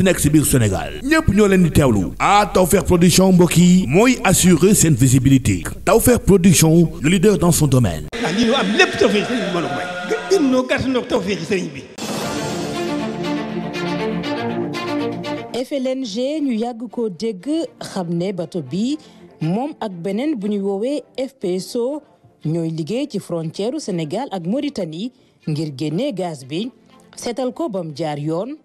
munti nekk si biir Sénégal ñépp ñoo leen di teewlu ah Tawfekh mbokk yi mooy assurer seen visibilité Tawfekh production le leader dans son ah, ñu FLNG ñu yàgg koo dégg xam ne bato bi moom ak beneen bu ñu woowee FPSO ñooy liggéey ci frontière Sénégal ak Mauritanie ngir génnee gaz bi seetal ko bam jaar yoon.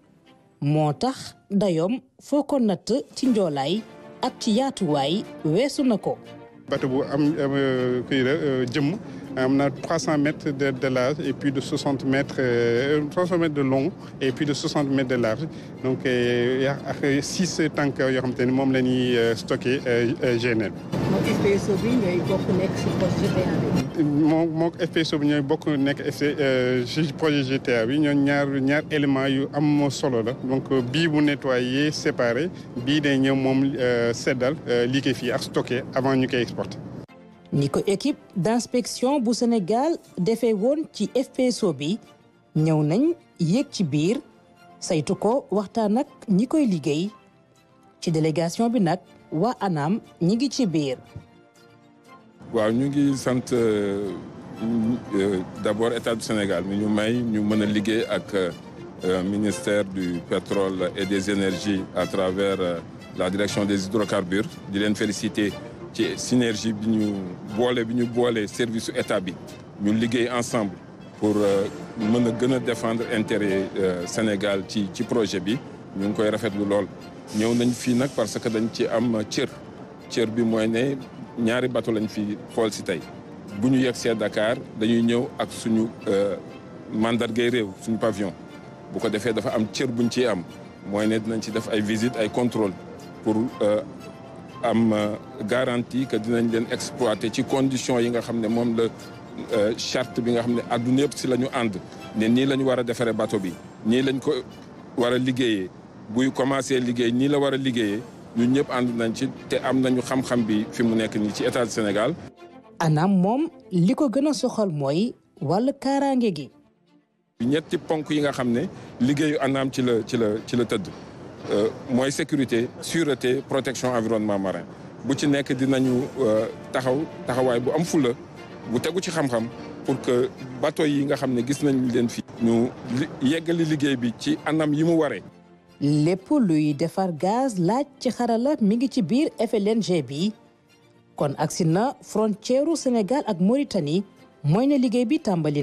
moo tax dayoom foo ko ci njoolaay ak ci yaatuwaay weesu na ko bato bu am kii la jëmm On na 300 mètres de, de large et puis de 60 mètres, euh, mètres de long et puis de 60 mètres de large. Donc, ak 6 tanker yoo xam te moom la ñuy euh, stocké euh, GNL. moom FPSO bi bokk nekk si projet bi. ñoo ñaar ñaar éléments yu am solo la donc bii bu nettoyé séparé bii day ñëw moom seddal liggéey fii ak stocké avant ñu koy exporté. ñi ko équipe d'inspection bu Sénégal defee woon ci FPSO bi ñëw nañ yéeg ci biir saytu ko waxtaan nag ñi koy liggéey ci délégation bi nag waa ANAM ñi ngi ci biir. waaw ñu ngi sant euh, euh, d'abord état du Sénégal mi ñu may ñu mën a liggéey ak euh, ministère du pétrole et des énergies à travers la direction des hydrocarbures di leen féliciter. ci synergie bi ñu boole bi ñu boole service état bi ñu liggéey ensemble pour euh, mën a gën a défendre intérêt euh, Sénégal ci ci projet bi ñu ngi koy rafetlu lool. ñëw nañ fii nag parce que dañ ci am cër cër bi mooy ne ñaari bateau lañ fi xool si tey bu ñu see Dakar dañuy ñëw ak suñu euh, mandargay réew suñu pavion bu ko defee dafa am cër buñ ciy am mooy ne dinañ ci def ay visite ay contrôle pour. am euh, garantie que dinañ leen exploité ci condition yi nga xam ne moom la euh, charte bi nga xam ne àdduna yëpp si la ñu ànd ne nii la ñu war a defaree bato bi nii lañ ko war a liggéeyee buy commencé liggéey nii la war a liggéeyee ñun ñëpp ànd nañ ci te am nañu xam-xam bi fi mu nekk nii ci état du Sénégal. Anam moom li ko gën a soxal mooy wàllu kaaraange gi. ñetti ponk yi nga xam ne liggéeyu Anam ci la ci la ci la tëdd. Euh, mooy sécurité sûreté protection environnement marin bu ci nekk dinañu euh, taxaw taxawaay bu am fula bu tegu ci xam-xam pour que bateau yi nga xam ne gis nañ leen fi. ñu yeggali liggéey bi ci anam yi mu waree. lépp luy defar gaz laaj ci xarala mi ngi ci biir FLNG bi kon agsi na frontière Sénégal ak Mauritanie mooy ne liggéey bi tàmbali